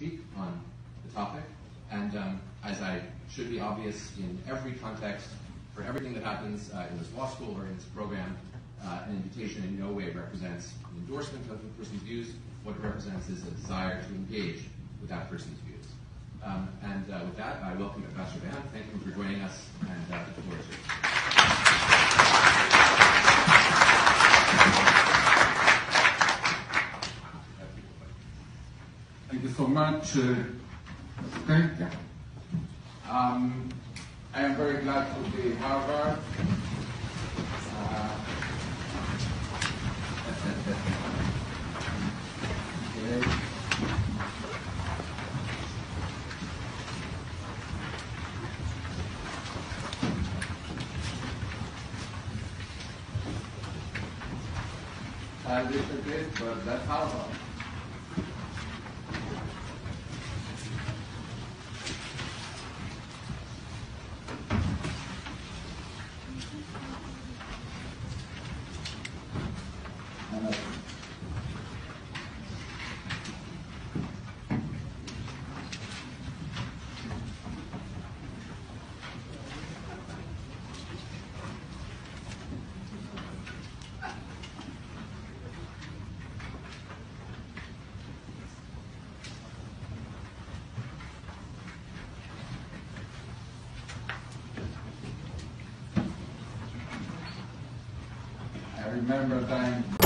speak on the topic. And um, as I should be obvious in every context, for everything that happens uh, in this law school or in this program, uh, an invitation in no way represents an endorsement of the person's views. What it represents is a desire to engage with that person's views. Um, and uh, with that, I welcome Ambassador Van. Thank you for joining us, and uh, the floor Thank you so much, uh, um, I am very glad to be Harvard. Uh, okay. A little bit, but that's Harvard. あの I remember a time